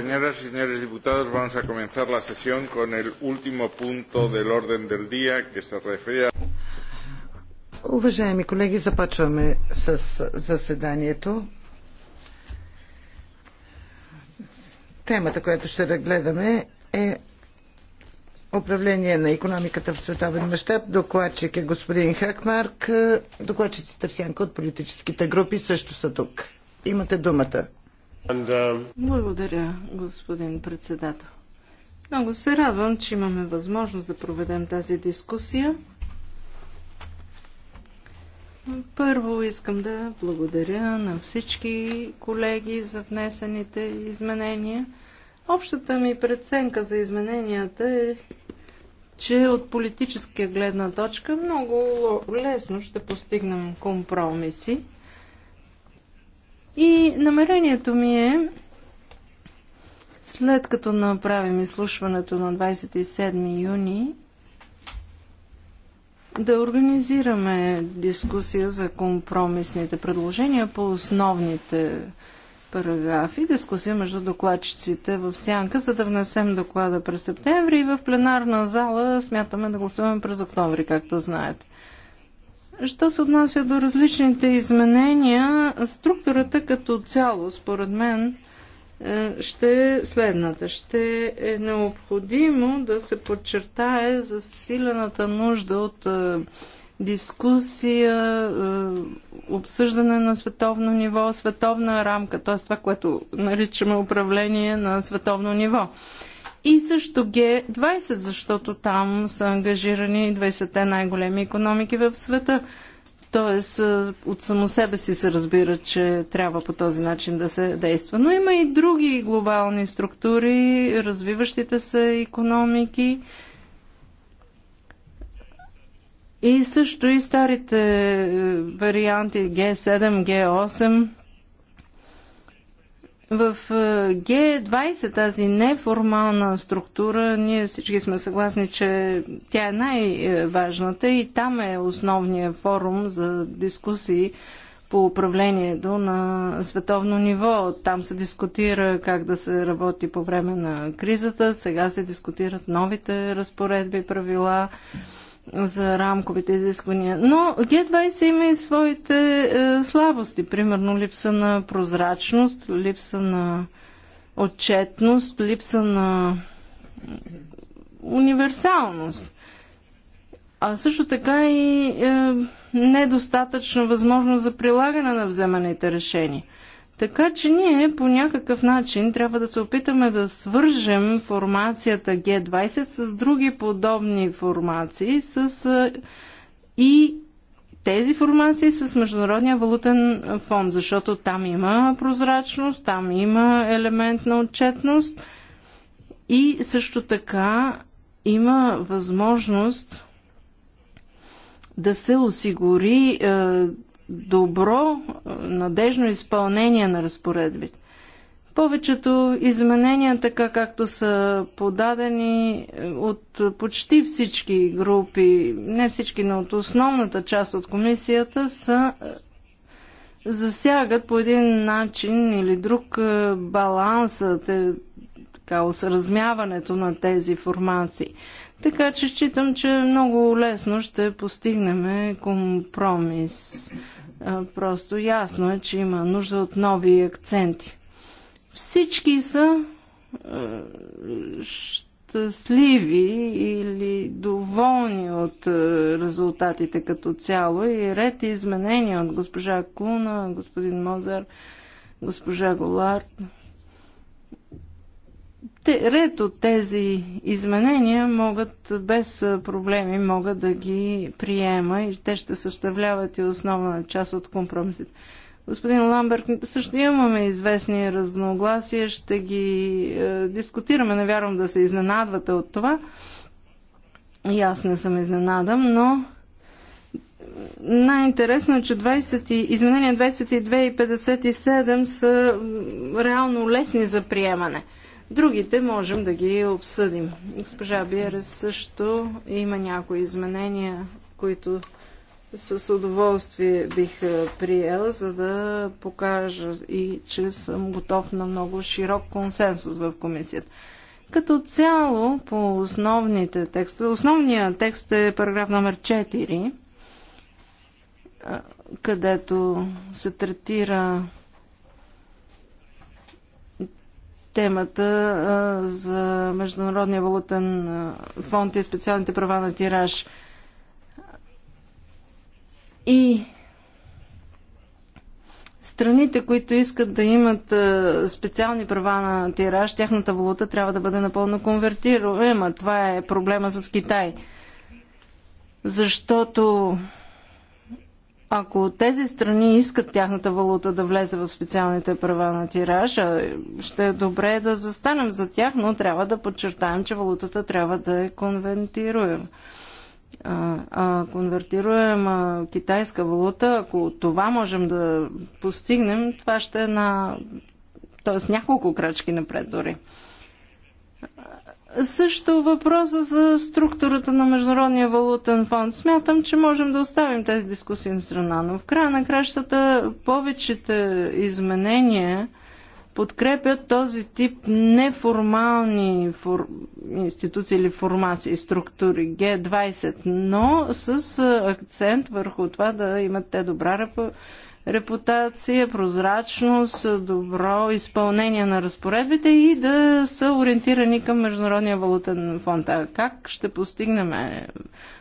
Señoras y señores diputados, vamos a comenzar la sesión con el último punto del orden del día que se refiere. Уважаеми колеги, започваме с заседанието. Темата, която ще разгледаме е управление на економиката в световен мащаб. Докладчик е господин Хакмарк. Докладчиците в сянка от политическите групи също са тук. Имате думата. Um, благодаря, господин председател. Много се радвам, че имаме възможност да проведем тази дискусия. Първо искам да благодаря на всички колеги за внесените изменения. Общата ми преценка за измененията е, че от политическия гледна точка много лесно ще постигнем компромиси. И намерението ми е, след като направим изслушването на 27 юни, да организираме дискусия за компромисните предложения по основните параграфи, дискусия между докладчиците в сянка, за да внесем доклада през септември и в пленарна зала смятаме да гласуваме през октомври, както знаете. Що се отнася до различните изменения, структурата като цяло, според мен, е, ще е следната. Ще е необходимо да се подчертае засилената нужда от е, дискусия, е, обсъждане на световно ниво, световна рамка, т.е. това, което наричаме управление на световно ниво и също Г20, защото там са ангажирани 20-те най-големи економики в света. Тоест, е, от само себе си се разбира, че трябва по този начин да се действа. Но има и други глобални структури, развиващите се економики. И също и старите е, варианти G7, G8 в е, Г20 тази неформална структура, ние всички сме съгласни, че тя е най-важната и там е основният форум за дискусии по управлението на световно ниво. Там се дискутира как да се работи по време на кризата, сега се дискутират новите разпоредби, правила за рамковите изисквания. Но Г20 има и своите е, слабости, примерно липса на прозрачност, липса на отчетност, липса на универсалност. А също така и е, недостатъчна възможност за прилагане на вземаните решения. Така че ние по някакъв начин трябва да се опитаме да свържем формацията G20 с други подобни формации с, и тези формации с Международния валутен фонд, защото там има прозрачност, там има елемент на отчетност и също така има възможност да се осигури е, добро, надежно изпълнение на разпоредбите. Повечето изменения, така както са подадени е, от почти всички групи, не всички, но от основната част от комисията, са е, засягат по един начин или друг е, балансът, така, осъразмяването на тези формации. Така че считам, че много лесно ще постигнем компромис. Просто ясно е, че има нужда от нови акценти. Всички са щастливи или доволни от резултатите като цяло и ред изменения от госпожа Куна, господин Мозар, госпожа Голард ред от тези изменения могат без проблеми могат да ги приема и те ще съставляват и основна част от компромисите. Господин Ламберг, също имаме известни разногласия, ще ги е, дискутираме, не вярвам да се изненадвате от това. И аз не съм изненадам, но най-интересно е, че 20, изменения 22 и 57 са реално лесни за приемане. Другите можем да ги обсъдим. Госпожа Биера също има някои изменения, които с удоволствие бих приел, за да покажа и че съм готов на много широк консенсус в комисията. Като цяло по основните текстове, основният текст е параграф номер 4, където се третира темата за Международния валутен фонд и специалните права на тираж. И страните, които искат да имат специални права на тираж, тяхната валута трябва да бъде напълно конвертируема. Това е проблема с Китай. Защото ако тези страни искат тяхната валута да влезе в специалните права на тираж, ще е добре да застанем за тях, но трябва да подчертаем, че валутата трябва да е конвентируема. А, а конвертируема китайска валута, ако това можем да постигнем, това ще е на т.е. няколко крачки напред дори. Също въпроса за структурата на Международния валутен фонд. Смятам, че можем да оставим тези дискусии на страна, но в края на кращата повечето изменения подкрепят този тип неформални фор... институции или формации, структури Г20, но с акцент върху това да имат те добра репутация, прозрачност, добро изпълнение на разпоредбите и да са ориентирани към Международния валутен фонд. А как ще постигнем е,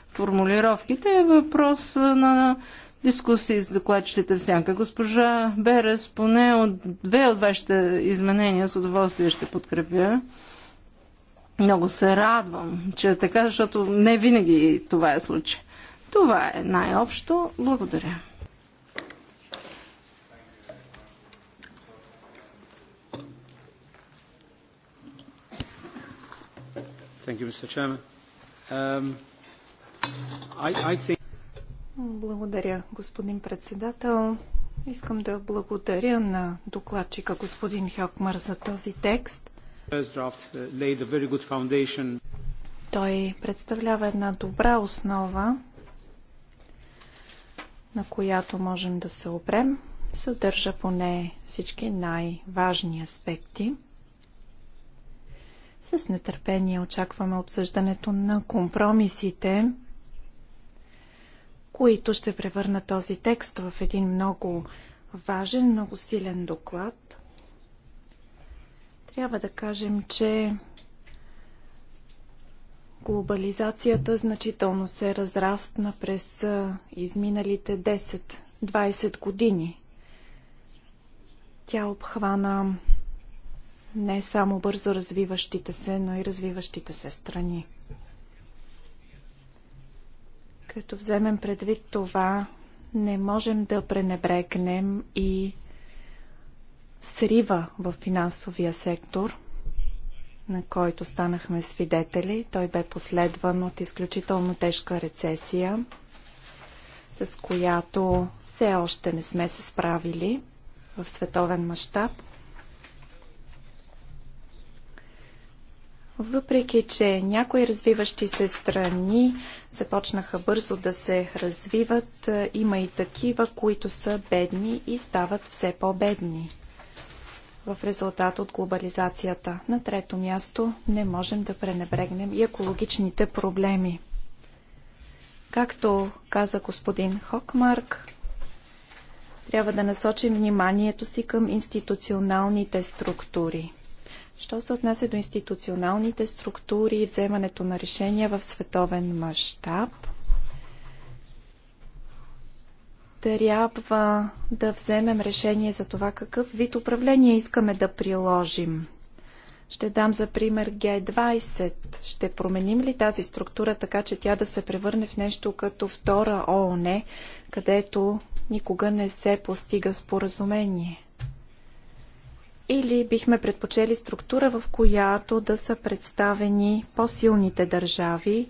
формулировките е въпрос е, на дискусии с докладчиците всяка. сянка. Госпожа Берес, поне от две от вашите изменения с удоволствие ще подкрепя. Много се радвам, че е така, защото не винаги това е случай. Това е най-общо. Благодаря. Um, благодаря, господин председател. Искам да благодаря на докладчика господин Хьокмар за този текст. Uh, Той представлява една добра основа, на която можем да се опрем. Съдържа поне всички най-важни аспекти. С нетърпение очакваме обсъждането на компромисите, които ще превърнат този текст в един много важен, много силен доклад. Трябва да кажем, че глобализацията значително се разрастна през изминалите 10-20 години. Тя обхвана не само бързо развиващите се, но и развиващите се страни. Като вземем предвид това, не можем да пренебрегнем и срива в финансовия сектор, на който станахме свидетели. Той бе последван от изключително тежка рецесия, с която все още не сме се справили в световен мащаб – Въпреки, че някои развиващи се страни започнаха бързо да се развиват, е, има и такива, които са бедни и стават все по-бедни в резултат от глобализацията. На трето място не можем да пренебрегнем и екологичните проблеми. Както каза господин Хокмарк, трябва да насочим вниманието си към институционалните структури. Що се отнася до институционалните структури и вземането на решения в световен мащаб, трябва да вземем решение за това какъв вид управление искаме да приложим. Ще дам за пример Г20. Ще променим ли тази структура така, че тя да се превърне в нещо като втора ООН, е, където никога не се постига споразумение? Или бихме предпочели структура, в която да са представени по-силните държави,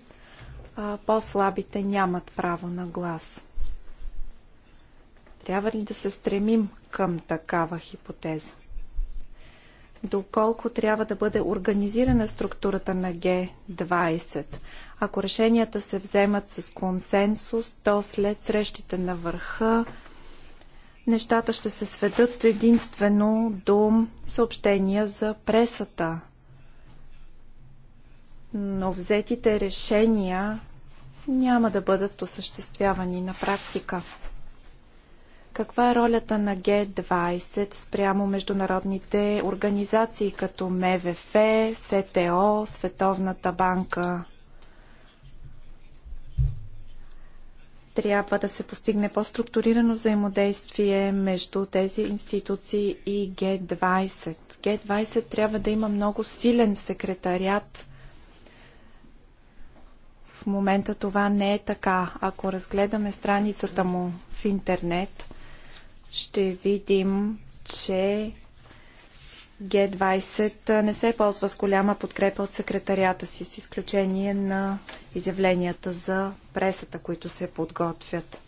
а по-слабите нямат право на глас. Трябва ли да се стремим към такава хипотеза? Доколко трябва да бъде организирана структурата на Г-20? Ако решенията се вземат с консенсус, то след срещите на върха нещата ще се сведат единствено до съобщения за пресата. Но взетите решения няма да бъдат осъществявани на практика. Каква е ролята на Г-20 спрямо международните организации като МВФ, СТО, Световната банка? Трябва да се постигне по-структурирано взаимодействие между тези институции и Г20. Г20 трябва да има много силен секретарят. В момента това не е така. Ако разгледаме страницата му в интернет, ще видим, че г20 не се ползва с голяма подкрепа от секретарията си, с изключение на изявленията за пресата, които се подготвят.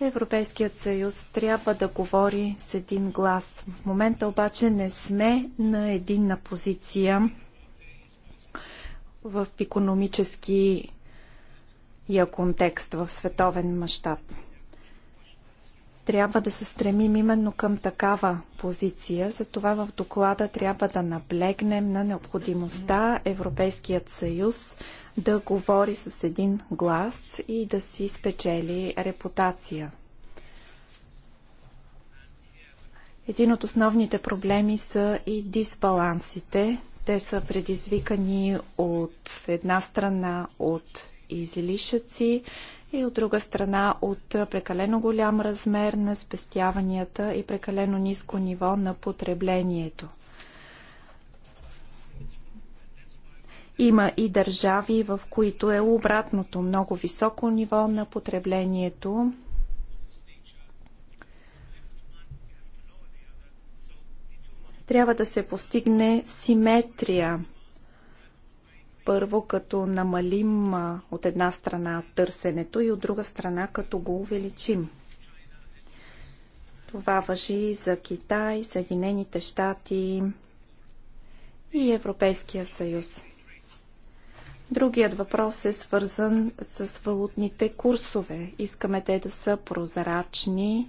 Европейският съюз трябва да говори с един глас. В момента обаче не сме на единна позиция в економическия контекст в световен мащаб. Трябва да се стремим именно към такава позиция, затова в доклада трябва да наблегнем на необходимостта Европейският съюз да говори с един глас и да си спечели репутация. Един от основните проблеми са и дисбалансите. Те са предизвикани от една страна от излишъци и от друга страна от прекалено голям размер на спестяванията и прекалено ниско ниво на потреблението. Има и държави, в които е обратното много високо ниво на потреблението. Трябва да се постигне симетрия първо, като намалим от една страна търсенето и от друга страна, като го увеличим. Това въжи за Китай, Съединените щати и Европейския съюз. Другият въпрос е свързан с валутните курсове. Искаме те да са прозрачни,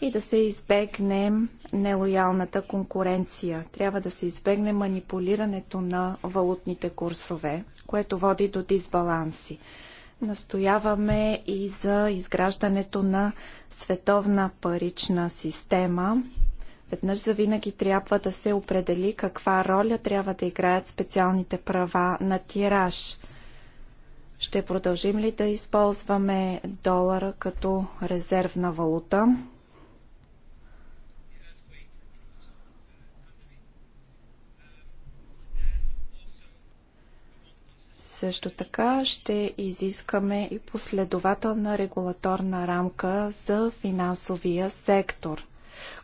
и да се избегне нелоялната конкуренция. Трябва да се избегне манипулирането на валутните курсове, което води до дисбаланси. Настояваме и за изграждането на световна парична система. Веднъж за винаги трябва да се определи каква роля трябва да играят специалните права на тираж. Ще продължим ли да използваме долара като резервна валута? Също така ще изискаме и последователна регулаторна рамка за финансовия сектор,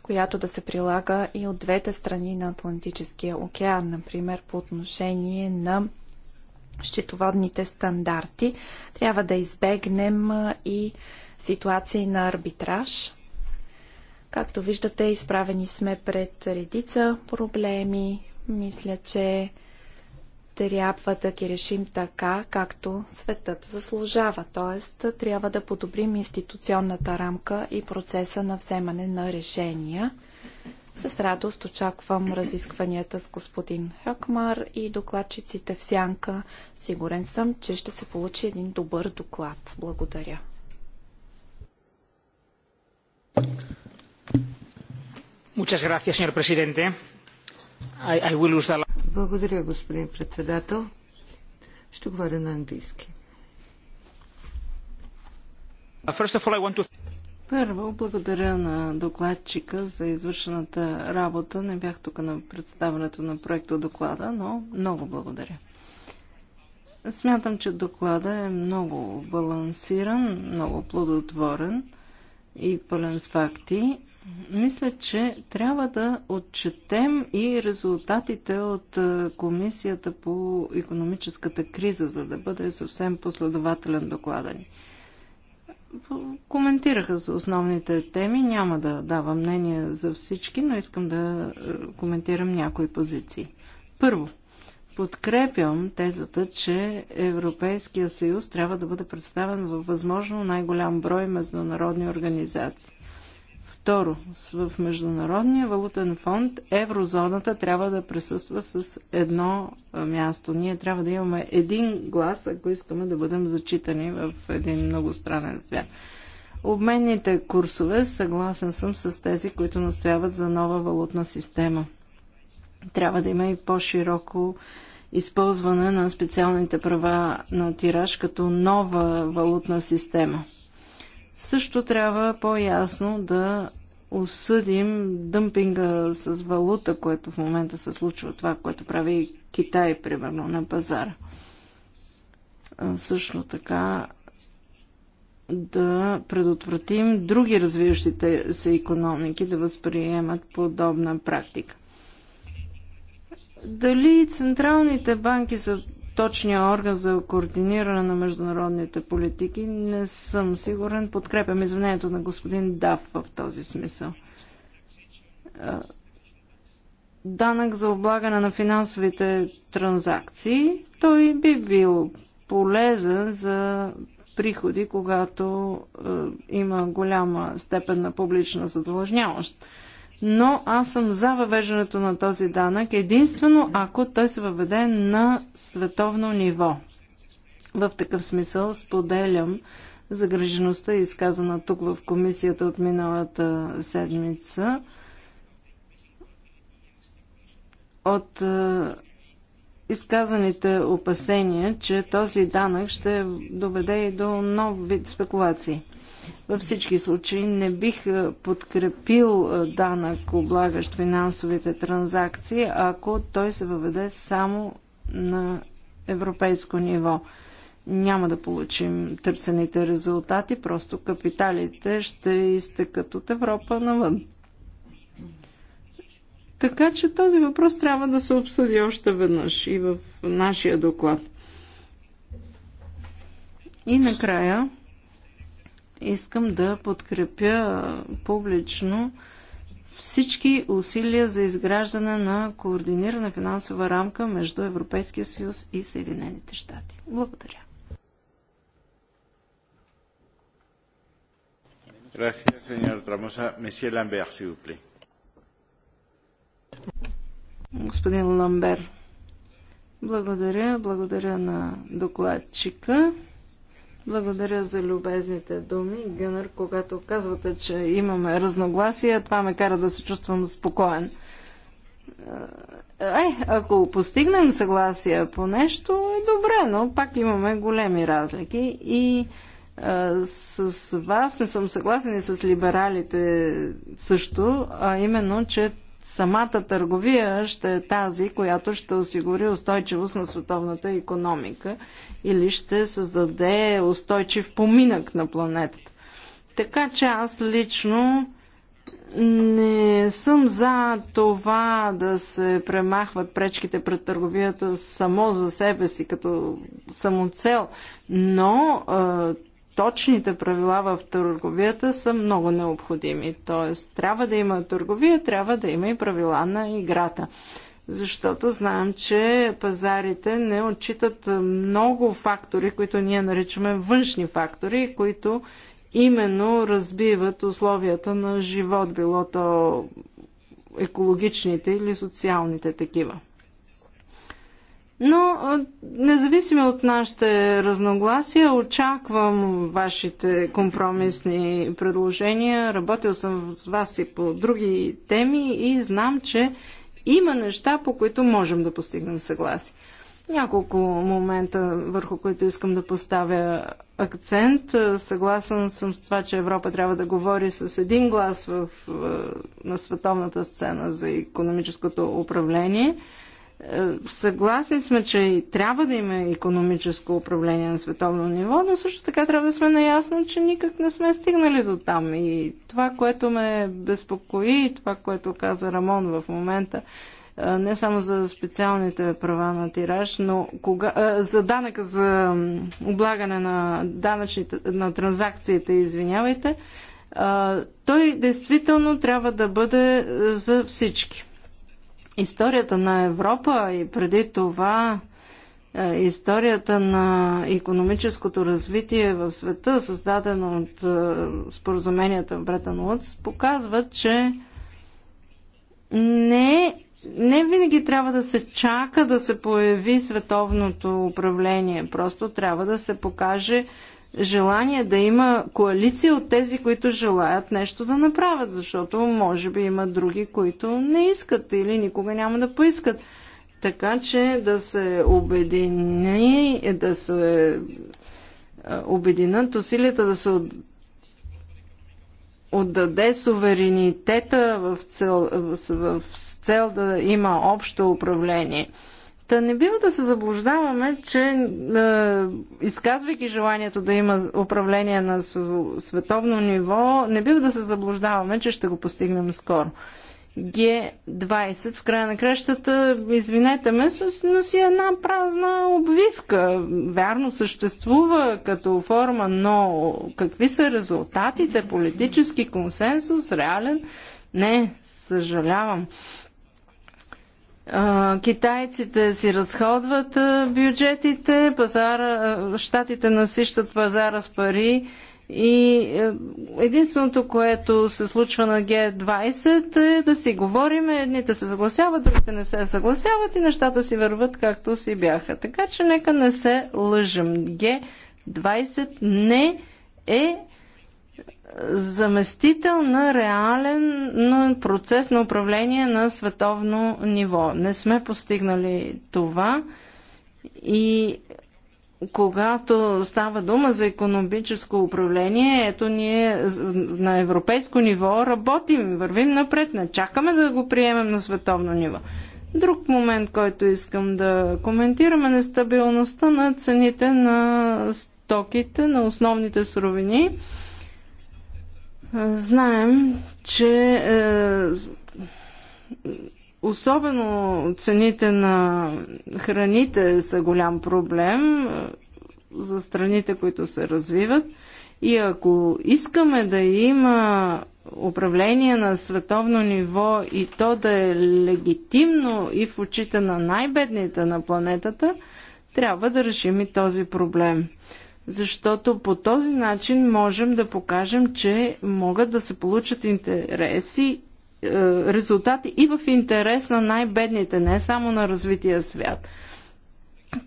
която да се прилага и от двете страни на Атлантическия океан, например по отношение на счетоводните стандарти. Трябва да избегнем и ситуации на арбитраж. Както виждате, изправени сме пред редица проблеми. Мисля, че трябва да ги решим така, както светът заслужава. Т.е. трябва да подобрим институционната рамка и процеса на вземане на решения. С радост очаквам разискванията с господин Хакмар и докладчиците в Сянка. Сигурен съм, че ще се получи един добър доклад. Благодаря. Muchas gracias, señor presidente. I, I will use the благодаря, господин председател. Ще говоря на английски. Uh, Първо, благодаря на докладчика за извършената работа. Не бях тук на представането на проекта доклада, но много благодаря. Смятам, че доклада е много балансиран, много плодотворен и пълен с факти. Мисля, че трябва да отчетем и резултатите от е, Комисията по економическата криза, за да бъде съвсем последователен доклада ни. Коментираха за основните теми, няма да давам мнение за всички, но искам да е, коментирам някои позиции. Първо, подкрепям тезата, че Европейския съюз трябва да бъде представен във възможно най-голям брой международни организации. Второ, в Международния валутен фонд еврозоната трябва да присъства с едно място. Ние трябва да имаме един глас, ако искаме да бъдем зачитани в един многостранен свят. Обменните курсове, съгласен съм с тези, които настояват за нова валутна система. Трябва да има и по-широко използване на специалните права на тираж като нова валутна система – също трябва по-ясно да осъдим дъмпинга с валута, което в момента се случва, това, което прави Китай, примерно, на пазара. Също така да предотвратим други развиващите се економики да възприемат подобна практика. Дали централните банки са точния орган за координиране на международните политики, не съм сигурен. Подкрепям извинението на господин Дав в този смисъл. Данък за облагане на финансовите транзакции, той би бил полезен за приходи, когато е, има голяма степен на публична задължнявост но аз съм за въвеждането на този данък единствено ако той се въведе на световно ниво. В такъв смисъл споделям загрежеността, изказана тук в комисията от миналата седмица, от е, изказаните опасения, че този данък ще доведе и до нов вид спекулации. Във всички случаи не бих подкрепил данък, облагащ финансовите транзакции, ако той се въведе само на европейско ниво. Няма да получим търсените резултати, просто капиталите ще изтекат от Европа навън. Така че този въпрос трябва да се обсъди още веднъж и в нашия доклад. И накрая искам да подкрепя публично всички усилия за изграждане на координирана финансова рамка между Европейския съюз и Съединените щати. Благодаря. Господин Ламбер, благодаря, благодаря на докладчика. Благодаря за любезните думи, Гънър, когато казвате, че имаме разногласия, това ме кара да се чувствам спокоен. Е, ако постигнем съгласие по нещо, е добре, но пак имаме големи разлики и е, с вас не съм съгласен и с либералите също, а именно, че самата търговия ще е тази, която ще осигури устойчивост на световната економика или ще създаде устойчив поминък на планетата. Така че аз лично не съм за това да се премахват пречките пред търговията само за себе си като самоцел, но точните правила в търговията са много необходими. Тоест, трябва да има търговия, трябва да има и правила на играта. Защото знаем, че пазарите не отчитат много фактори, които ние наричаме външни фактори, които именно разбиват условията на живот, било то екологичните или социалните такива. Но, независимо от нашите разногласия, очаквам вашите компромисни предложения. Работил съм с вас и по други теми и знам, че има неща, по които можем да постигнем съгласие. Няколко момента, върху които искам да поставя акцент. Съгласен съм с това, че Европа трябва да говори с един глас в, на световната сцена за економическото управление – е, съгласни сме, че и трябва да има економическо управление на световно ниво, но също така трябва да сме наясно, че никак не сме стигнали до там. И това, което ме безпокои, и това, което каза Рамон в момента, е, не само за специалните права на тираж, но кога, е, за данъка за облагане на данъчните на транзакциите, извинявайте, той действително трябва да бъде за всички историята на Европа и преди това е, историята на економическото развитие в света, създадено от е, споразуменията в Бретан Лудс, показва, че не, не винаги трябва да се чака да се появи световното управление. Просто трябва да се покаже желание да има коалиция от тези, които желаят нещо да направят, защото може би има други, които не искат или никога няма да поискат. Така че да се обедини, да се обединат усилията да се отдаде суверенитета в цел, в цел да има общо управление – Та не бива да се заблуждаваме, че е, изказвайки желанието да има управление на световно ниво, не бива да се заблуждаваме, че ще го постигнем скоро. Г20 в края на кращата, извинете ме, но си е една празна обвивка. Вярно съществува като форма, но какви са резултатите? Политически консенсус, реален? Не, съжалявам китайците си разходват бюджетите, пазара, щатите насищат пазара с пари и единственото, което се случва на Г20 е да си говорим, едните се съгласяват, другите не се съгласяват и нещата си върват както си бяха. Така че нека не се лъжим. Г20 не е заместител на реален процес на управление на световно ниво. Не сме постигнали това и когато става дума за економическо управление, ето ние на европейско ниво работим, вървим напред, не чакаме да го приемем на световно ниво. Друг момент, който искам да коментирам е нестабилността на цените на стоките, на основните суровини. Знаем, че е, особено цените на храните са голям проблем е, за страните, които се развиват. И ако искаме да има управление на световно ниво и то да е легитимно и в очите на най-бедните на планетата, трябва да решим и този проблем защото по този начин можем да покажем, че могат да се получат интереси, е, резултати и в интерес на най-бедните, не само на развития свят.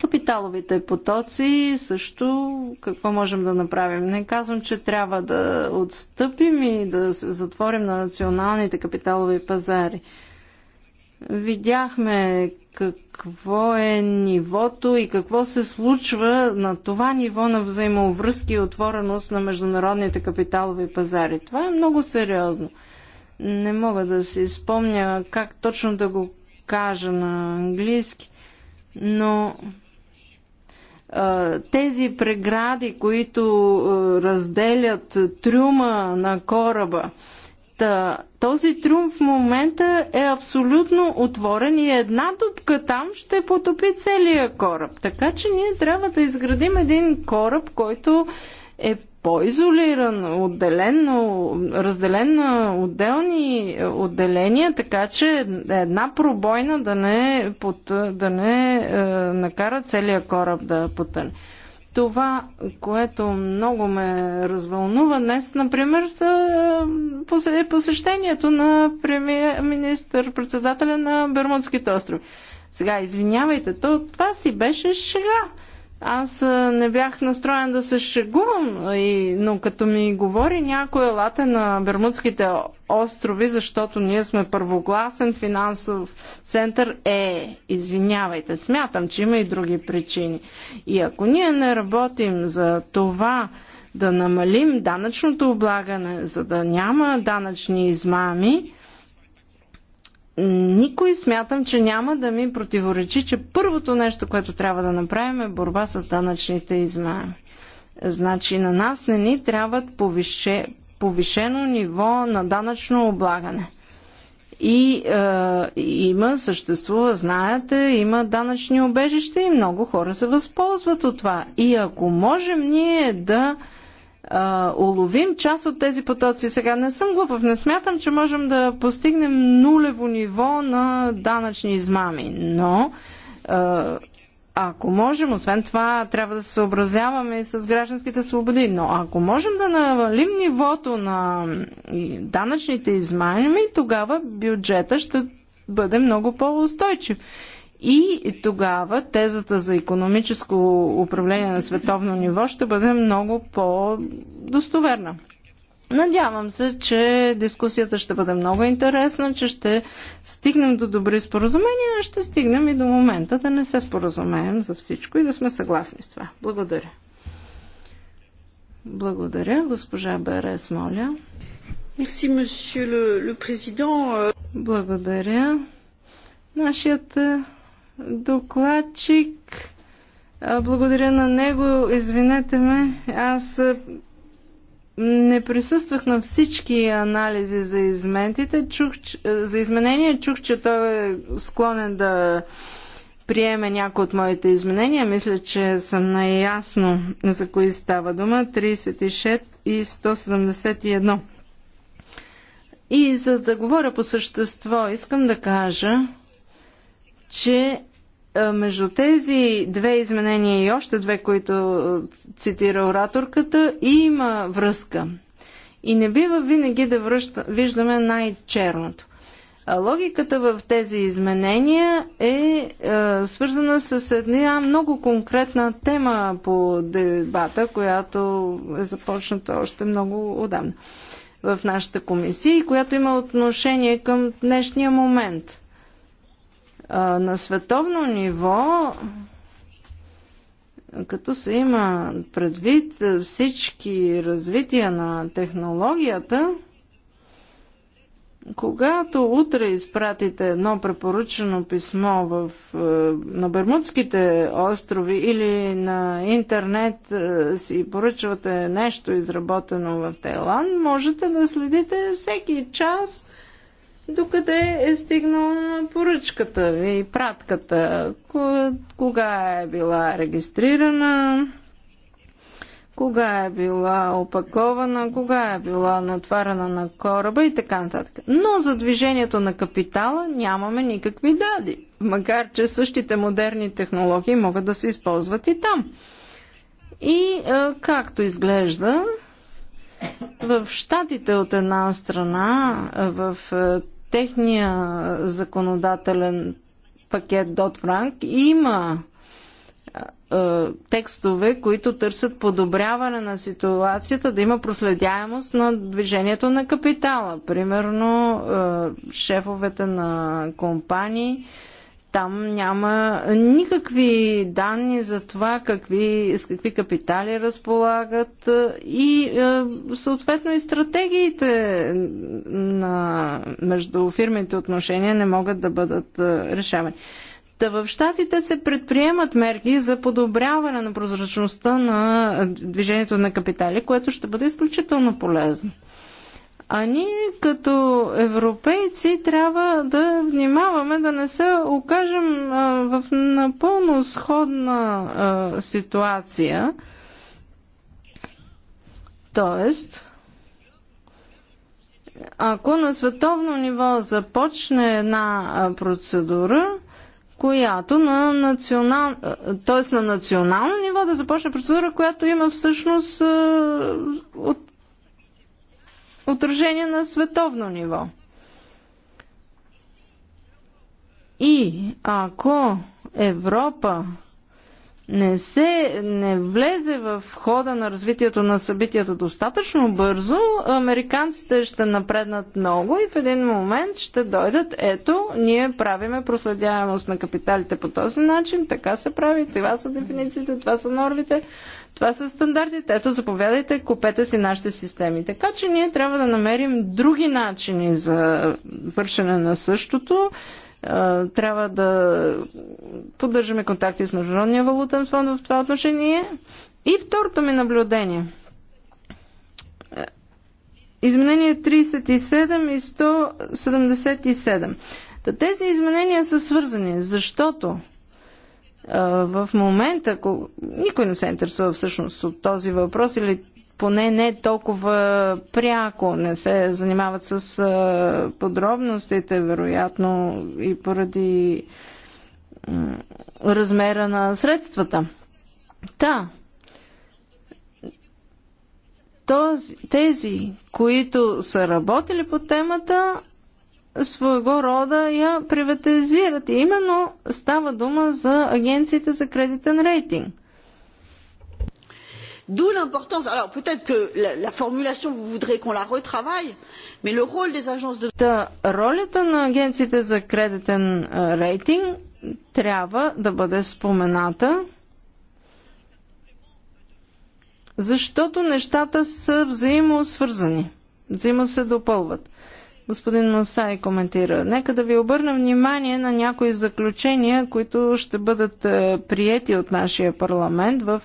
Капиталовите потоци също какво можем да направим? Не казвам, че трябва да отстъпим и да се затворим на националните капиталови пазари. Видяхме какво е нивото и какво се случва на това ниво на взаимовръзки и отвореност на международните капиталови пазари. Това е много сериозно. Не мога да си спомня как точно да го кажа на английски, но тези прегради, които разделят трюма на кораба, Та, този триумф в момента е абсолютно отворен и една дупка там ще потопи целия кораб. Така че ние трябва да изградим един кораб, който е по-изолиран, отделен, разделен на отделни отделения, така че една пробойна да не, да не е, накара целия кораб да потъне. Това, което много ме развълнува днес, например, са е, е посещението на премиер, министър-председателя на Бермудските острови. Сега, извинявайте, то, това си беше шега. Аз не бях настроен да се шегувам, но като ми говори някой лате на Бермудските острови, защото ние сме първогласен финансов център, е, извинявайте, смятам, че има и други причини. И ако ние не работим за това да намалим данъчното облагане, за да няма данъчни измами, никой смятам, че няма да ми противоречи, че първото нещо, което трябва да направим е борба с данъчните измами. Значи на нас не ни трябват повише, повишено ниво на данъчно облагане. И е, има, съществува, знаете, има данъчни обежища и много хора се възползват от това. И ако можем ние да е, а, уловим част от тези потоци. Сега не съм глупав, не смятам, че можем да постигнем нулево ниво на данъчни измами, но а, ако можем, освен това, трябва да се съобразяваме и с гражданските свободи, но ако можем да навалим нивото на данъчните измами, тогава бюджета ще бъде много по-устойчив. И тогава тезата за економическо управление на световно ниво ще бъде много по-достоверна. Надявам се, че дискусията ще бъде много интересна, че ще стигнем до добри споразумения, а ще стигнем и до момента да не се споразумеем за всичко и да сме съгласни с това. Благодаря. Благодаря. Госпожа Берес, моля. Merci, monsieur le, le Благодаря. Нашият докладчик. Благодаря на него. Извинете ме. Аз не присъствах на всички анализи за изментите. Чух, за изменения чух, че той е склонен да приеме някои от моите изменения. Мисля, че съм наясно за кои става дума. 36 и 171. И за да говоря по същество, искам да кажа, че е, между тези две изменения и още две, които е, цитира ораторката, има връзка. И не бива винаги да връща, виждаме най-черното. Логиката в тези изменения е, е свързана с една много конкретна тема по дебата, която е започната още много отдавна в нашата комисия и която има отношение към днешния момент – на световно ниво, като се има предвид всички развития на технологията, когато утре изпратите едно препоръчено писмо в, е, на Бермудските острови или на интернет е, си поръчвате нещо изработено в Тайланд, можете да следите всеки час – докъде е стигнала поръчката ви пратката, кога е била регистрирана, кога е била опакована, кога е била натварена на кораба и така нататък. Но за движението на капитала нямаме никакви дади, макар че същите модерни технологии могат да се използват и там. И както изглежда, в щатите от една страна, в техния законодателен пакет Дот Франк има текстове, които търсят подобряване на ситуацията, да има проследяемост на движението на капитала. Примерно, шефовете на компании там няма никакви данни за това какви, с какви капитали разполагат е, и е, съответно и стратегиите на фирмите отношения не могат да бъдат е, решавани. Та в щатите се предприемат мерки за подобряване на прозрачността на движението на капитали, което ще бъде изключително полезно. А ние като европейци трябва да внимаваме да не се окажем в напълно сходна ситуация. Тоест, ако на световно ниво започне една процедура, която на национално, т.е. на национално ниво да започне процедура, която има всъщност отражение на световно ниво. И ако Европа не се не влезе в хода на развитието на събитията достатъчно бързо, американците ще напреднат много и в един момент ще дойдат. Ето, ние правиме проследяемост на капиталите по този начин, така се прави, това са дефинициите, това са нормите, това са стандартите. Ето, заповядайте, купете си нашите системи. Така че ние трябва да намерим други начини за вършене на същото трябва да поддържаме контакти с Международния валутен фонд в това отношение. И второто ми наблюдение. Изменение 37 и 177. Та тези изменения са свързани, защото в момента, ако никой не се интересува всъщност от този въпрос или поне не толкова пряко, не се занимават с подробностите, вероятно и поради размера на средствата. Та, този, тези, които са работили по темата, своего рода я приватизират. И именно става дума за агенциите за кредитен рейтинг – D'où l'importance. Alors peut-être que la, la formulation, vous voudrez qu'on la retravaille, mais le rôle des agences de. Та, ролята на агенциите за кредитен рейтинг трябва да бъде спомената, защото нещата са взаимосвързани, взаимо се допълват. Господин Мусай коментира. Нека да ви обърна внимание на някои заключения, които ще бъдат прияти приети от нашия парламент в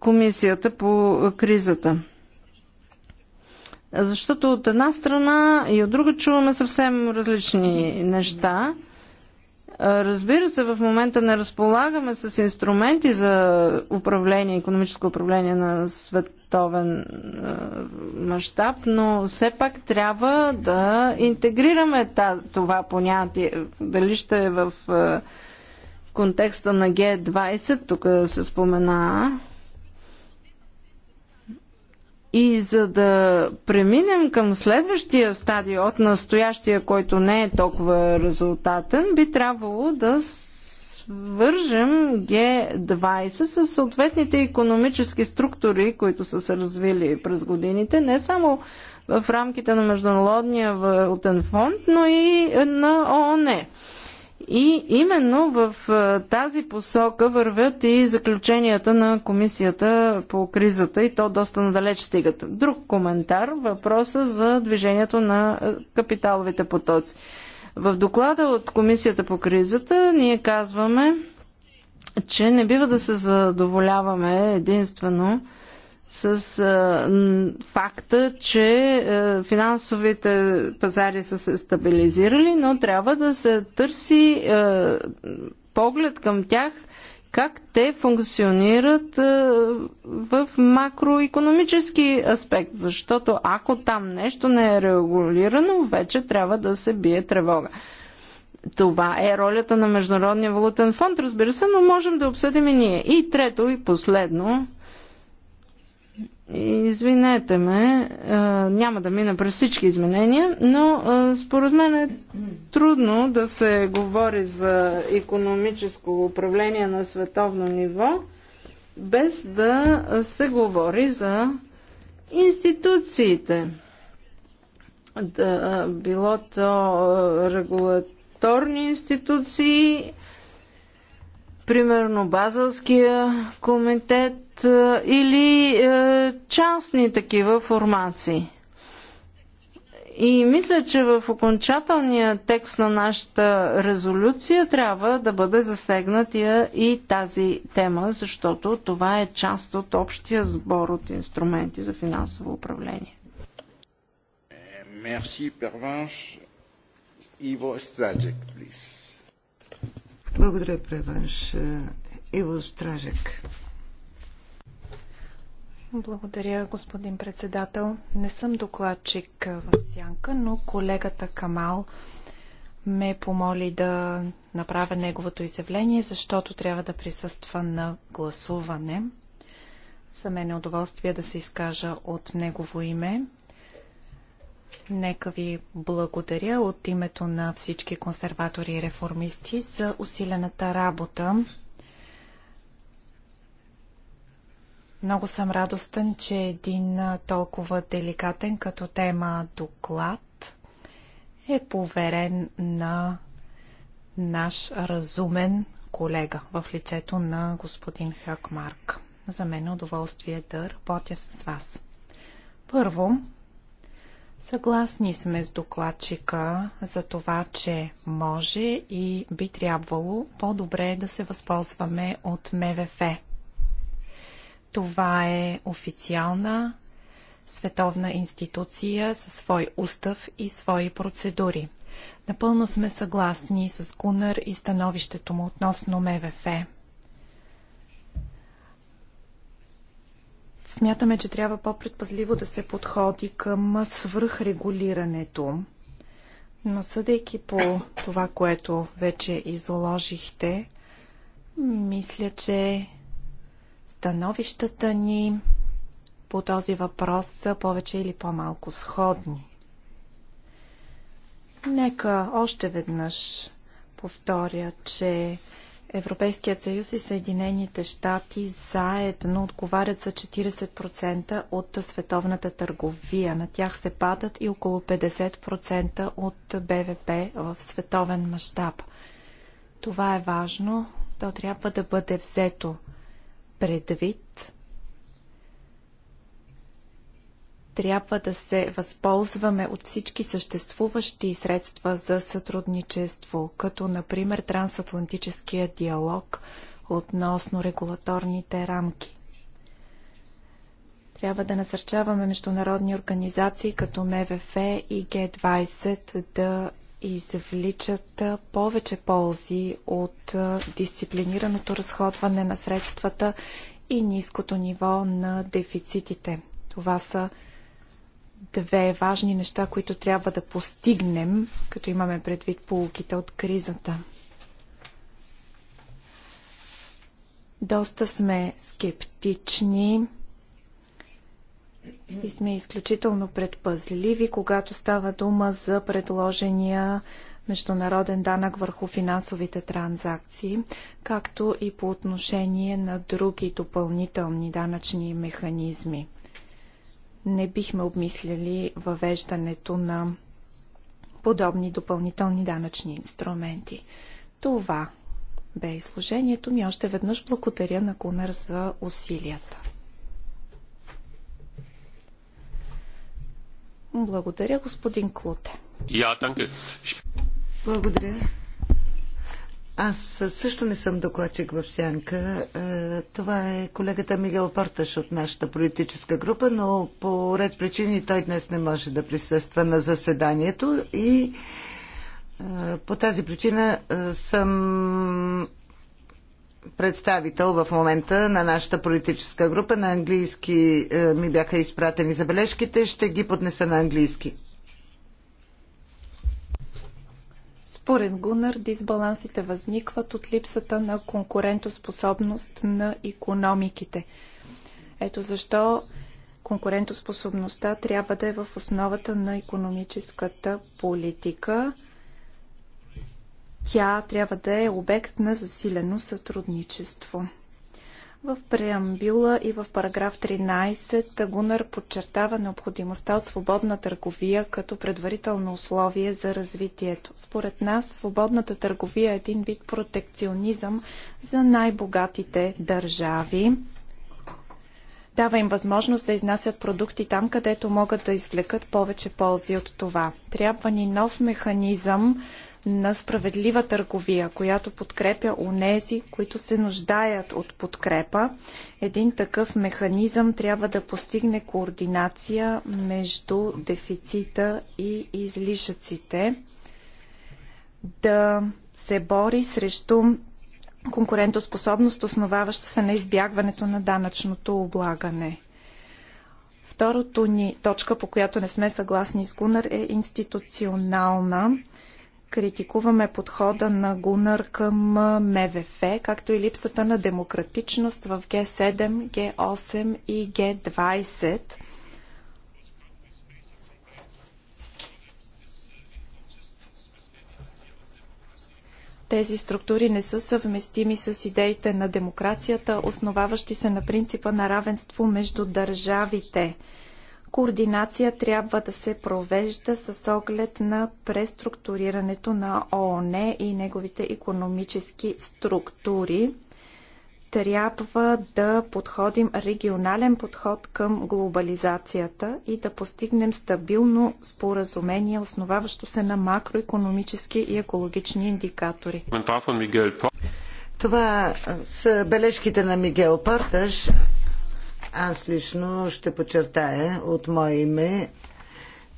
комисията по кризата. Защото от една страна и от друга чуваме съвсем различни неща. Разбира се, в момента не разполагаме с инструменти за управление, економическо управление на световен мащаб, но все пак трябва да интегрираме това понятие. Дали ще е в контекста на Г20, тук се спомена и за да преминем към следващия стадий от настоящия, който не е толкова резултатен, би трябвало да свържем g 20 с съответните економически структури, които са се развили през годините, не само в рамките на Международния валутен фонд, но и на ООН. И именно в тази посока вървят и заключенията на комисията по кризата и то доста надалеч стигат. Друг коментар, въпроса за движението на капиталовите потоци. В доклада от комисията по кризата ние казваме, че не бива да се задоволяваме единствено с а, м, факта, че а, финансовите пазари са се стабилизирали, но трябва да се търси а, поглед към тях как те функционират а, в макроекономически аспект, защото ако там нещо не е регулирано, вече трябва да се бие тревога. Това е ролята на Международния валутен фонд, разбира се, но можем да обсъдим и ние. И трето и последно, Извинете ме, няма да мина през всички изменения, но според мен е трудно да се говори за економическо управление на световно ниво, без да се говори за институциите. Да, било то регулаторни институции примерно Базълския комитет или е, частни такива формации. И мисля, че в окончателния текст на нашата резолюция трябва да бъде засегнат и тази тема, защото това е част от общия сбор от инструменти за финансово управление. Е, мерси, Перванш. Иво Стаджек, please. Благодаря, Преванш. Иво Стражек. Благодаря, господин председател. Не съм докладчик в Сянка, но колегата Камал ме помоли да направя неговото изявление, защото трябва да присъства на гласуване. За мен е удоволствие да се изкажа от негово име. Нека ви благодаря от името на всички консерватори и реформисти за усилената работа. Много съм радостен, че е един толкова деликатен като тема доклад е поверен на наш разумен колега в лицето на господин Хакмарк. За мен е удоволствие да работя с вас. Първо, Съгласни сме с докладчика за това, че може и би трябвало по-добре да се възползваме от МВФ. Това е официална световна институция със свой устав и свои процедури. Напълно сме съгласни с Кунър и становището му относно МВФ. Смятаме, че трябва по-предпазливо да се подходи към свръхрегулирането. Но съдейки по това, което вече изложихте, мисля, че становищата ни по този въпрос са повече или по-малко сходни. Нека още веднъж повторя, че Европейският съюз и Съединените щати заедно отговарят за 40% от световната търговия. На тях се падат и около 50% от БВП в световен мащаб. Това е важно. То трябва да бъде взето предвид трябва да се възползваме от всички съществуващи средства за сътрудничество, като например трансатлантическия диалог относно регулаторните рамки. Трябва да насърчаваме международни организации като МВФ и Г20 да извличат повече ползи от дисциплинираното разходване на средствата и ниското ниво на дефицитите. Това са две важни неща, които трябва да постигнем, като имаме предвид полуките от кризата. Доста сме скептични и сме изключително предпазливи, когато става дума за предложения международен данък върху финансовите транзакции, както и по отношение на други допълнителни данъчни механизми не бихме обмисляли въвеждането на подобни допълнителни данъчни инструменти. Това бе изложението ми. Още веднъж благодаря на Кунер за усилията. Благодаря, господин Клуте. Благодаря. Аз също не съм докладчик в Сянка. Е, това е колегата Мигел Порташ от нашата политическа група, но по ред причини той днес не може да присъства на заседанието и е, по тази причина е, съм представител в момента на нашата политическа група. На английски ми бяха изпратени забележките. Ще ги поднеса на английски. Според Гунър, дисбалансите възникват от липсата на конкурентоспособност на економиките. Ето защо конкурентоспособността трябва да е в основата на економическата политика. Тя трябва да е обект на засилено сътрудничество. В преамбюла и в параграф 13 Гунър подчертава необходимостта от свободна търговия като предварително условие за развитието. Според нас, свободната търговия е един вид протекционизъм за най-богатите държави. Дава им възможност да изнасят продукти там, където могат да извлекат повече ползи от това. Трябва ни нов механизъм на справедлива търговия, която подкрепя онези, които се нуждаят от подкрепа. Един такъв механизъм трябва да постигне координация между дефицита и излишъците, да се бори срещу конкурентоспособност, основаваща се на избягването на данъчното облагане. Второто ни точка, по която не сме съгласни с Гунър, е институционална критикуваме подхода на Гунър към МВФ, както и липсата на демократичност в Г7, Г8 и Г20. тези структури не са съвместими с идеите на демокрацията, основаващи се на принципа на равенство между държавите. Координация трябва да се провежда с оглед на преструктурирането на ООН и неговите економически структури. Трябва да подходим регионален подход към глобализацията и да постигнем стабилно споразумение, основаващо се на макроекономически и екологични индикатори. Това са бележките на Мигел Парташ. Аз лично ще подчертая от мое име,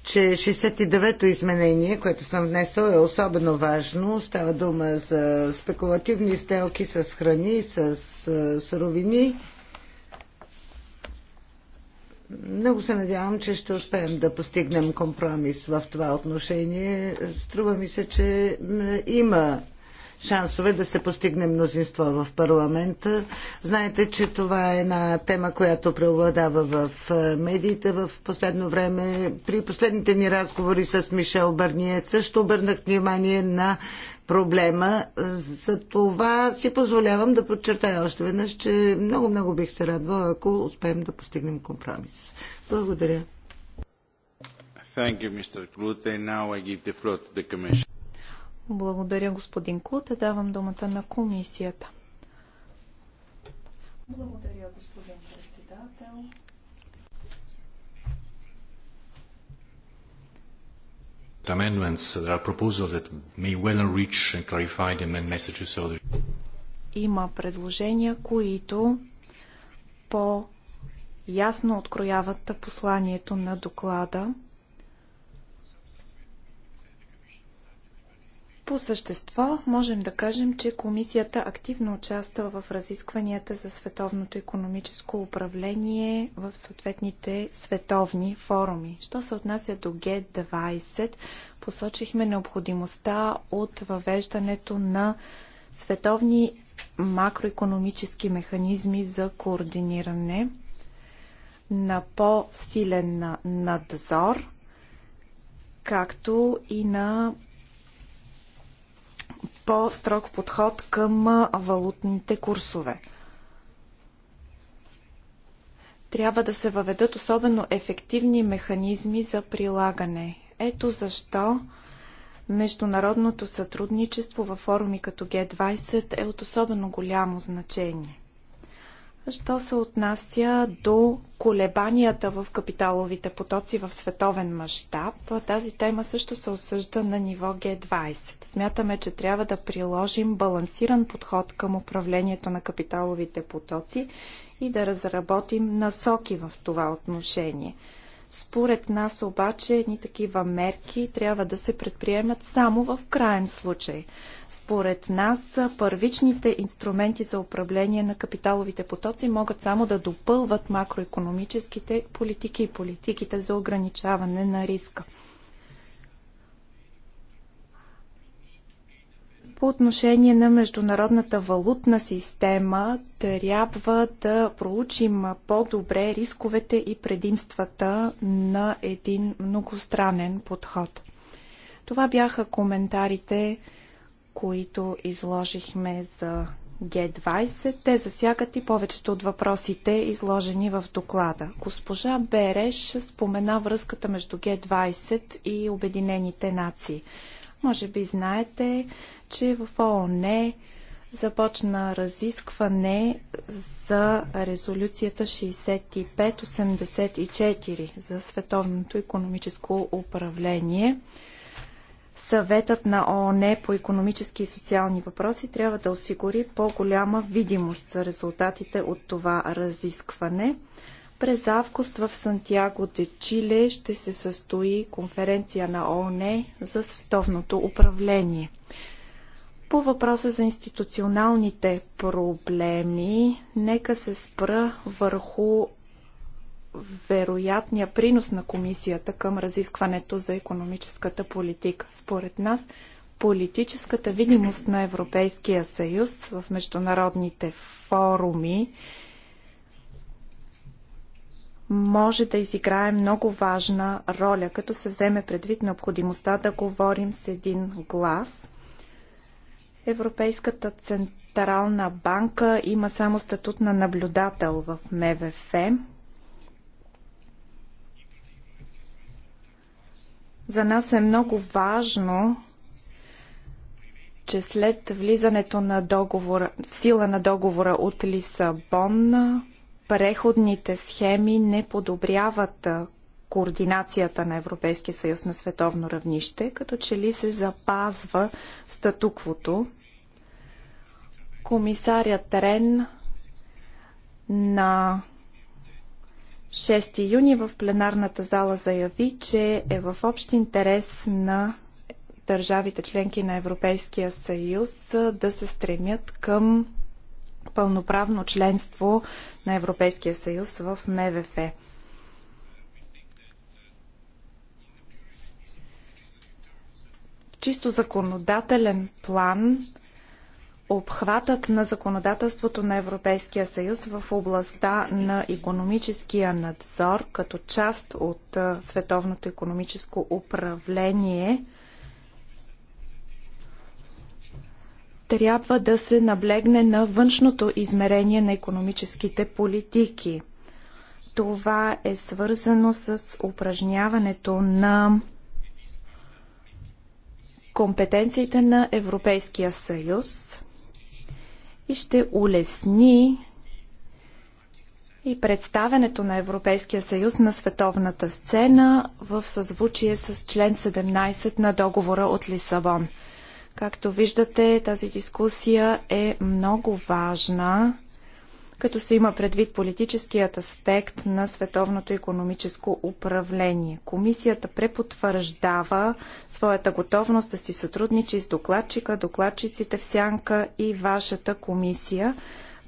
че 69-то изменение, което съм внесъл, е особено важно. Става дума за спекулативни стелки с храни, с суровини. Много се надявам, че ще успеем да постигнем компромис в това отношение. Струва ми се, че има шансове да се постигне мнозинство в парламента. Знаете, че това е една тема, която преобладава в е, медиите в последно време. При последните ни разговори с Мишел Барние също обърнах внимание на проблема. За това си позволявам да подчертая още веднъж, че много-много бих се радвала, ако успеем да постигнем компромис. Благодаря. Thank you, Mr. Klute. Now I give the floor to the Commission. Благодаря, господин Клут, Давам думата на комисията. Благодаря, господин председател. amendments, are that may well and clarify the main messages. Има предложения, които по-ясно открояват посланието на доклада. По същество можем да кажем, че комисията активно участва в разискванията за световното економическо управление в съответните световни форуми. Що се отнася до G20, посочихме необходимостта от въвеждането на световни макроекономически механизми за координиране на по-силен надзор, както и на по-строг подход към валутните курсове. Трябва да се въведат особено ефективни механизми за прилагане. Ето защо международното сътрудничество във форуми като Г20 е от особено голямо значение. Що се отнася до колебанията в капиталовите потоци в световен мащаб, тази тема също се осъжда на ниво Г20. Смятаме, че трябва да приложим балансиран подход към управлението на капиталовите потоци и да разработим насоки в това отношение. Според нас обаче едни такива мерки трябва да се предприемат само в крайен случай. Според нас първичните инструменти за управление на капиталовите потоци могат само да допълват макроекономическите политики и политиките за ограничаване на риска. По отношение на международната валутна система, трябва да проучим по-добре рисковете и предимствата на един многостранен подход. Това бяха коментарите, които изложихме за Г20. Те засягат и повечето от въпросите, изложени в доклада. Госпожа Береш спомена връзката между Г20 и Обединените нации. Може би знаете, че в ООН започна разискване за резолюцията 6584 за световното економическо управление. Съветът на ООН по економически и социални въпроси трябва да осигури по-голяма видимост за резултатите от това разискване. През август в Сантьяго де Чиле ще се състои конференция на ООН за световното управление. По въпроса за институционалните проблеми, нека се спра върху вероятния принос на комисията към разискването за економическата политика. Според нас, политическата видимост на Европейския съюз в международните форуми може да изиграе много важна роля, като се вземе предвид необходимостта да говорим с един глас. Европейската централна банка има само статут на наблюдател в МВФ. За нас е много важно че след влизането на договора, в сила на договора от Лисабон, преходните схеми не подобряват координацията на Европейския съюз на световно равнище, като че ли се запазва статуквото. Комисарят Рен на 6 юни в пленарната зала заяви, че е в общ интерес на държавите членки на Европейския съюз да се стремят към пълноправно членство на Европейския съюз в МВФ. В чисто законодателен план обхватът на законодателството на Европейския съюз в областта на економическия надзор като част от световното економическо управление – трябва да се наблегне на външното измерение на економическите политики. Това е свързано с упражняването на компетенциите на Европейския съюз и ще улесни и представенето на Европейския съюз на световната сцена в съзвучие с член 17 на договора от Лисабон – Както виждате, тази дискусия е много важна, като се има предвид политическият аспект на световното економическо управление. Комисията препотвърждава своята готовност да си сътрудничи с докладчика, докладчиците в сянка и вашата комисия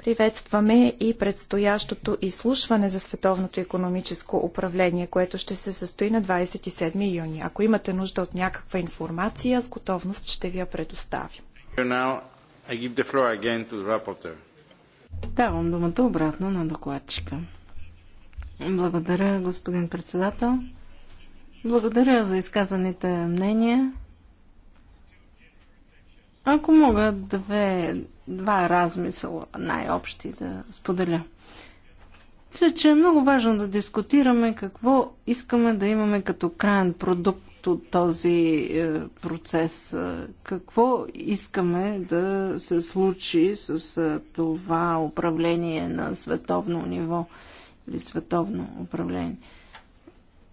Приветстваме и предстоящото изслушване за Световното економическо управление, което ще се състои на 27 юни. Ако имате нужда от някаква информация, с готовност ще ви я предоставим. Давам думата обратно на докладчика. Благодаря, господин председател. Благодаря за изказаните мнения. Ако мога две, два размисъла най-общи да споделя. Мисля, че е много важно да дискутираме какво искаме да имаме като крайен продукт от този е, процес. Е, какво искаме да се случи с е, това управление на световно ниво или световно управление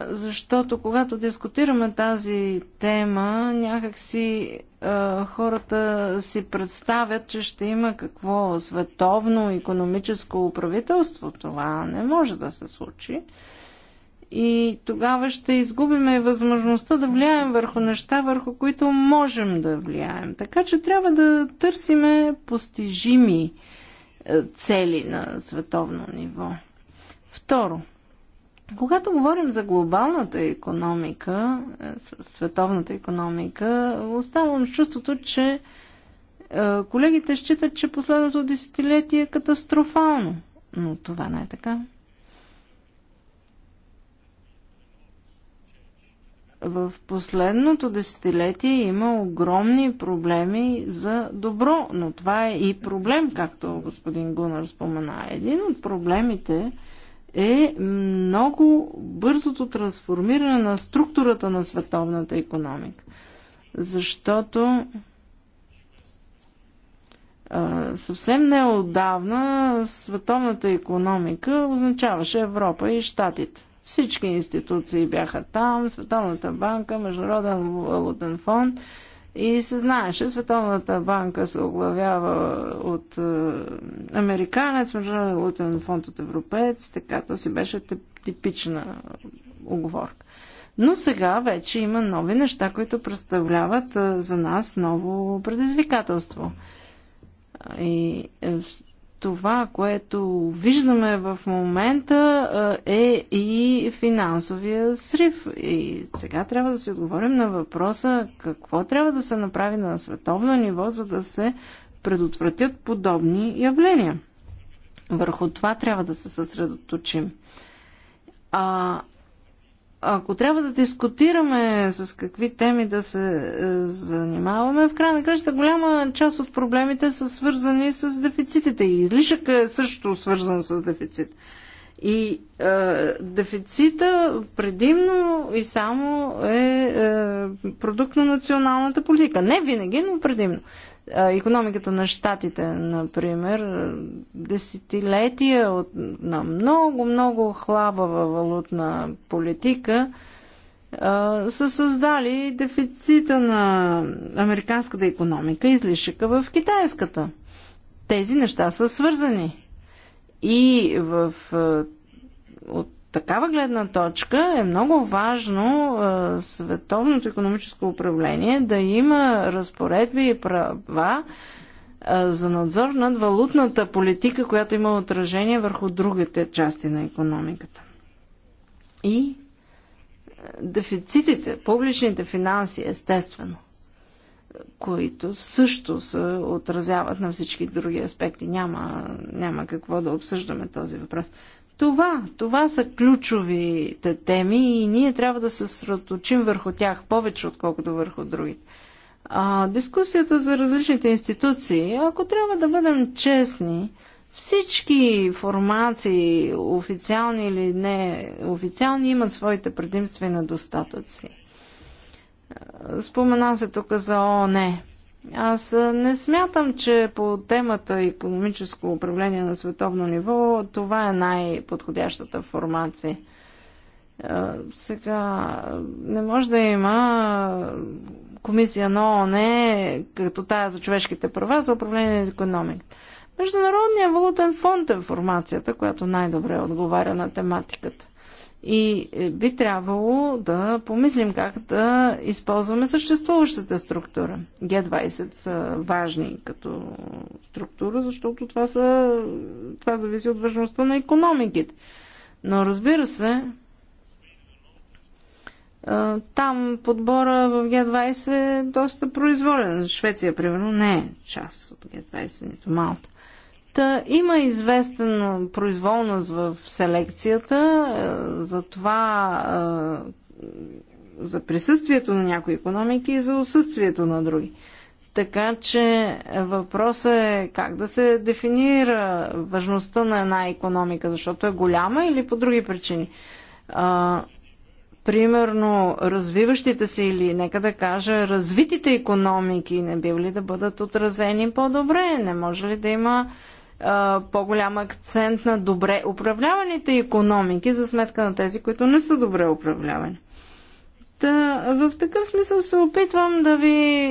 защото когато дискутираме тази тема, някакси е, хората си представят, че ще има какво световно економическо правителство. Това не може да се случи. И тогава ще изгубиме възможността да влияем върху неща, върху които можем да влияем. Така че трябва да търсиме постижими е, цели на световно ниво. Второ, когато говорим за глобалната економика, е, световната економика, оставам с чувството, че е, колегите считат, че последното десетилетие е катастрофално. Но това не е така. в последното десетилетие има огромни проблеми за добро, но това е и проблем, както господин Гунър спомена. Един от проблемите е много бързото трансформиране на структурата на световната економика. Защото съвсем неодавна световната економика означаваше Европа и Штатите. Всички институции бяха там, Световната банка, Международен валутен фонд – и се знаеше, Световната банка се оглавява от е, американец, Международен валутен фонд от европеец, така то си беше типична оговорка. Но сега вече има нови неща, които представляват е, за нас ново предизвикателство. И е, това, което виждаме в момента е и финансовия срив. И сега трябва да си отговорим на въпроса какво трябва да се направи на световно ниво, за да се предотвратят подобни явления. Върху това трябва да се съсредоточим. А ако трябва да дискутираме с какви теми да се е, занимаваме, в край на краща голяма част от проблемите са свързани с дефицитите и излишък е също свързан с дефицит. И е, дефицита предимно и само е, е продукт на националната политика. Не винаги, но предимно. Е, економиката на щатите, например, десетилетия от, на много-много хлабава валутна политика е, са създали дефицита на американската економика, излишъка в китайската. Тези неща са свързани. И в, от такава гледна точка е много важно световното економическо управление да има разпоредби и права за надзор над валутната политика, която има отражение върху другите части на економиката. И дефицитите, публичните финанси, естествено – които също се отразяват на всички други аспекти. Няма, няма какво да обсъждаме този въпрос. Това, това са ключовите теми и ние трябва да се сръточим върху тях повече, отколкото върху другите. А, дискусията за различните институции, ако трябва да бъдем честни, всички формации, официални или не официални, имат своите предимства и недостатъци. Спомена се тук за ООН. Аз не смятам, че по темата економическо управление на световно ниво това е най-подходящата формация. Сега, не може да има комисия на ООН, като тая за човешките права, за управление на економика. Международният валутен фонд е формацията, която най-добре отговаря на тематиката. И е, би трябвало да помислим как да използваме съществуващата структура. Г20 са важни като структура, защото това, са, това зависи от важността на економиките. Но разбира се, е, там подбора в Г20 е доста произволен. Швеция, примерно, не е част от Г20, нито Малта. Та, има известен произволност в селекцията, за това за присъствието на някои економики и за отсъствието на други. Така че въпросът е как да се дефинира важността на една економика, защото е голяма или по други причини. А, примерно, развиващите се или, нека да кажа, развитите економики не бива ли да бъдат отразени по-добре? Не може ли да има по-голям акцент на добре управляваните економики за сметка на тези, които не са добре управлявани. Та, в такъв смисъл се опитвам да ви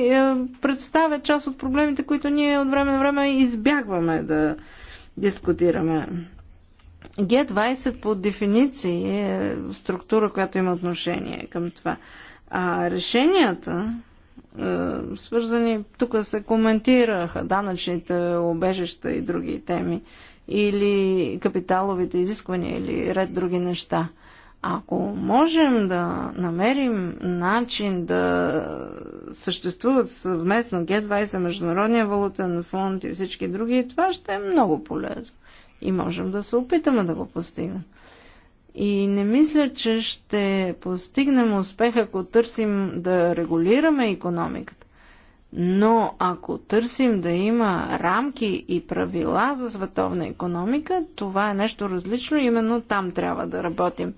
представя част от проблемите, които ние от време на време избягваме да дискутираме. Г20 по дефиниции е структура, която има отношение към това. А решенията е, свързани, тук се коментираха данъчните обежища и други теми, или капиталовите изисквания, или ред други неща. Ако можем да намерим начин да съществуват съвместно Г20, Международния валутен фонд и всички други, това ще е много полезно. И можем да се опитаме да го постигнем. И не мисля, че ще постигнем успех, ако търсим да регулираме економиката. Но ако търсим да има рамки и правила за световна економика, това е нещо различно, именно там трябва да работим.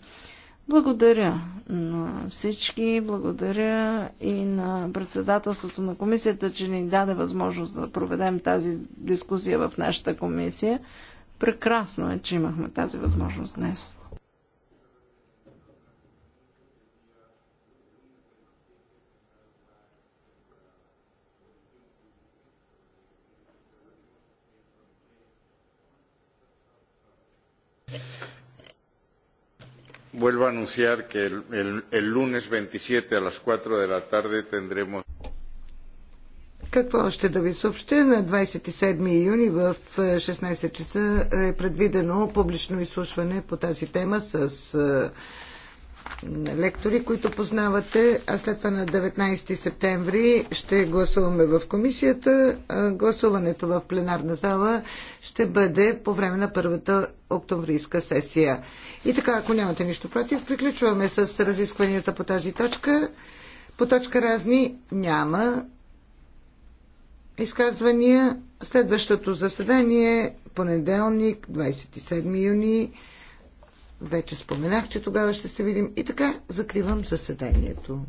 Благодаря на всички, благодаря и на председателството на комисията, че ни даде възможност да проведем тази дискусия в нашата комисия. Прекрасно е, че имахме тази възможност днес. Vuelvo a anunciar que el, lunes veintisiete a las cuatro de la tarde tendremos. Какво още да ви съобщя? На 27 юни в 16 е, часа е предвидено публично изслушване по тази тема с е, лектори, които познавате, а след това на 19 септември ще гласуваме в комисията. Гласуването в пленарна зала ще бъде по време на първата октомврийска сесия. И така, ако нямате нищо против, приключваме с разискванията по тази точка. По точка разни няма изказвания. Следващото заседание понеделник, 27 юни вече споменах, че тогава ще се видим. И така, закривам заседанието.